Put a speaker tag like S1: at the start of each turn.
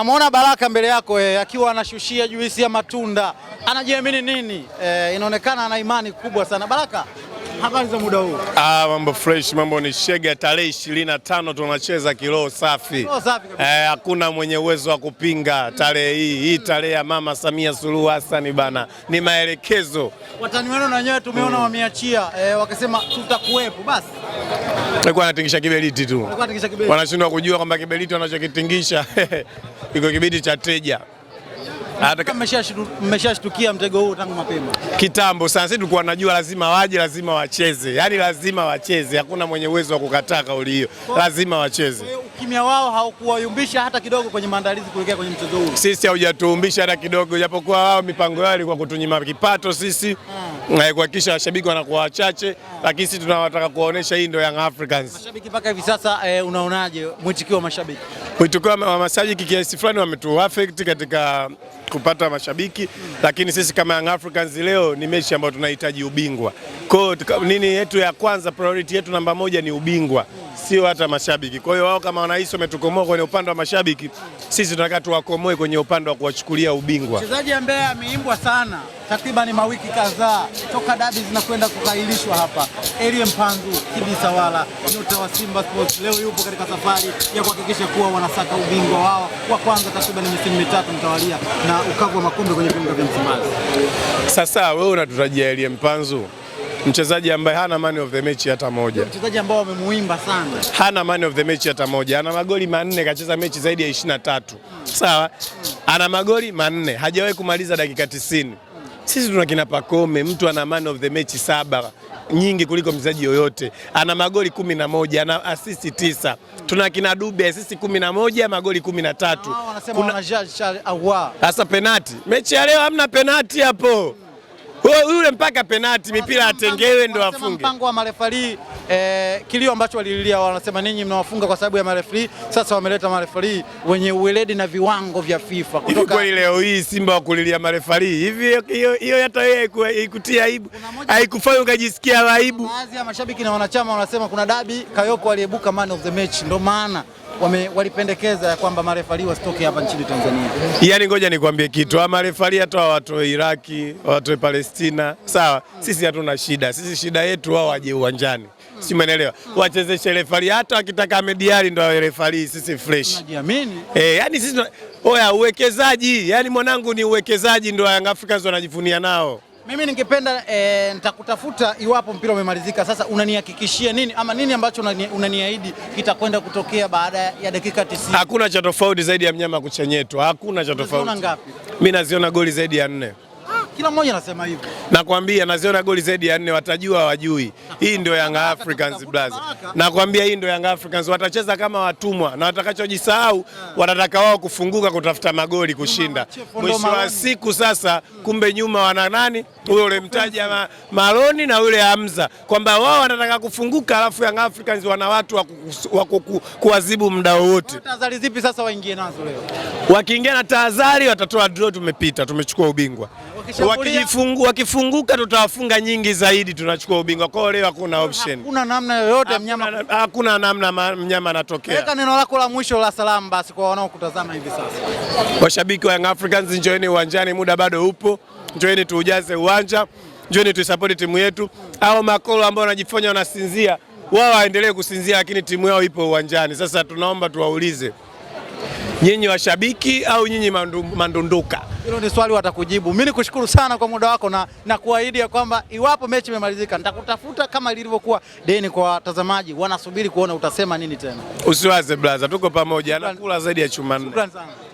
S1: Namwona Baraka mbele yako eh, akiwa anashushia juisi ya matunda, anajiamini nini eh, inaonekana ana imani kubwa sana. Baraka, habari za muda huu?
S2: Ah, mambo fresh, mambo ni shega. Tarehe ishirini na tano tunacheza kiroho safi, eh, hakuna mwenye uwezo wa kupinga tarehe hii hii tarehe ya Mama Samia Suluhu Hassan bana, ni maelekezo.
S1: Watani wenu na wenyewe tumeona mm, wameachia eh, wakisema tutakuwepo basi
S2: walikuwa wanatingisha kiberiti tu, wanashindwa kujua kwamba kiberiti wanachokitingisha iko kibidi cha teja.
S1: Mmeshashtukia mtego huu tangu mapema
S2: kitambo sana. Sisi tulikuwa najua lazima waje, lazima wacheze, yaani lazima wacheze, hakuna mwenye uwezo wa kukataa kauli hiyo, lazima wacheze.
S1: Ukimya wao haukuwayumbisha hata kidogo kwenye maandalizi kuelekea kwenye mchezo huu?
S2: Sisi haujatuumbisha hata kidogo, japokuwa wao mipango yao ilikuwa kutunyima kipato sisi hmm. na kuhakikisha washabiki wanakuwa wachache, hmm. lakini sisi tunawataka kuwaonesha hii ndio Young Africans.
S1: Mashabiki mpaka hivi sasa, eh, unaonaje mwitikio wa mashabiki?
S2: Witukio wa mashabiki kiasi fulani wametu affect katika kupata mashabiki mm. Lakini sisi kama Young Africans leo ni mechi ambayo tunahitaji ubingwa. Kwa hiyo nini yetu ya kwanza, priority yetu namba moja ni ubingwa sio hata mashabiki. Kwa hiyo wao kama wanahisi wametukomoa kwenye upande wa mashabiki, sisi tunataka tuwakomoe kwenye upande wa kuwachukulia ubingwa.
S1: Mchezaji ambaye ameimbwa sana takribani mawiki kadhaa toka dabi zinakwenda kukailishwa hapa, Elie Mpanzu kibisawala, nyota wa Simba Sports, leo yupo katika safari ya kuhakikisha kuwa wanasaka ubingwa wao wa kwanza takribani misimu mitatu mtawalia na ukavu wa makombe kwenye viunga vya Msimbazi.
S2: Sasa wewe unatutajia Elie Mpanzu mchezaji ambaye hana man of the match hata moja,
S1: mchezaji ambao wamemuimba sana,
S2: hana man of the match hata moja, ana magoli manne, kacheza mechi zaidi ya 23 hmm. Sawa hmm. ana magoli manne, hajawahi kumaliza dakika 90 hmm. Sisi tuna kina Pakome, mtu ana man of the match saba nyingi kuliko mchezaji yoyote, ana magoli kumi na moja, ana asisti tisa. Tuna kina Dube asisti kumi na moja, magoli kumi na tatu. Ah, Sasa penati, mechi ya leo hamna penati hapo yule mpaka penati mipira atengewe ndo afunge.
S1: Mpango wa marefari eh, kilio ambacho walililia wanasema ninyi mnawafunga kwa sababu ya marefari. Sasa wameleta marefari wenye uweledi na viwango vya FIFA.
S2: kutoka... kweli leo hii Simba wakulilia marefari hivi? Hiyo hata yeye ikutia aibu, haikufanya ukajisikia aibu?
S1: Baadhi ya mashabiki na wanachama wanasema kuna dabi, Kayoko aliebuka man of the match, ndo maana walipendekeza ya kwamba marefali wasitoke hapa nchini Tanzania.
S2: Yaani ngoja nikwambie kitu, marefali hata watoe Iraki, watoe Palestina, sawa? Sisi hatuna shida, sisi shida yetu wao waje uwanjani si umeelewa? Wachezeshe refari, hata wakitaka amediari ndo awe sisi fresh.
S1: Najiamini
S2: eh, yani sisi oya, uwekezaji yani mwanangu, ni uwekezaji ndo Young Africans wanajivunia nao.
S1: Mimi ningependa e, nitakutafuta iwapo mpira umemalizika. Sasa unanihakikishia nini ama nini ambacho unaniahidi kitakwenda kutokea baada ya dakika 90?
S2: Hakuna cha tofauti zaidi ya mnyama kuchenyetwa, hakuna cha tofauti. Unaziona ngapi? Mimi naziona goli zaidi ya nne.
S1: Kila mmoja anasema hivyo.
S2: Nakwambia naziona goli zaidi ya nne, watajua wajui. Hii ndio Young Africans blaza. Nakwambia hii ndio Young Africans watacheza kama watumwa na watakachojisahau wanataka wao kufunguka kutafuta magoli kushinda. Mwisho wa siku sasa, kumbe nyuma wana nani? Huyo ule mtaja ma, Maloni na yule Hamza kwamba wao wanataka kufunguka, alafu Young Africans wana watu wa kuwazibu muda wote.
S1: Tahadhari zipi sasa waingie nazo leo?
S2: Wakiingia na tahadhari watatoa draw, tumepita, tumechukua ubingwa wakifunguka tutawafunga nyingi zaidi, tunachukua ubingwa. kwao. leo hakuna option,
S1: hakuna namna yoyote, mnyama
S2: hakuna namna, mnyama anatokea.
S1: Weka neno lako la mwisho la salamu basi kwa wanaokutazama hivi sasa.
S2: Washabiki wa Young Africans, njoeni uwanjani, muda bado upo, njoeni tuujaze uwanja, njoeni tuisapoti timu yetu. Hao makolo ambao wanajifanya wanasinzia, wao waendelee kusinzia, lakini timu yao ipo uwanjani. Sasa tunaomba tuwaulize nyinyi washabiki au nyinyi mandu, mandunduka?
S1: Hilo ni swali watakujibu. Mimi nikushukuru sana kwa muda wako na, na kuahidi ya kwamba iwapo mechi imemalizika nitakutafuta kama ilivyokuwa deni. Kwa watazamaji wanasubiri kuona utasema nini tena.
S2: Usiwaze blaza, tuko pamoja, nakula zaidi ya chuma nne. Shukrani sana.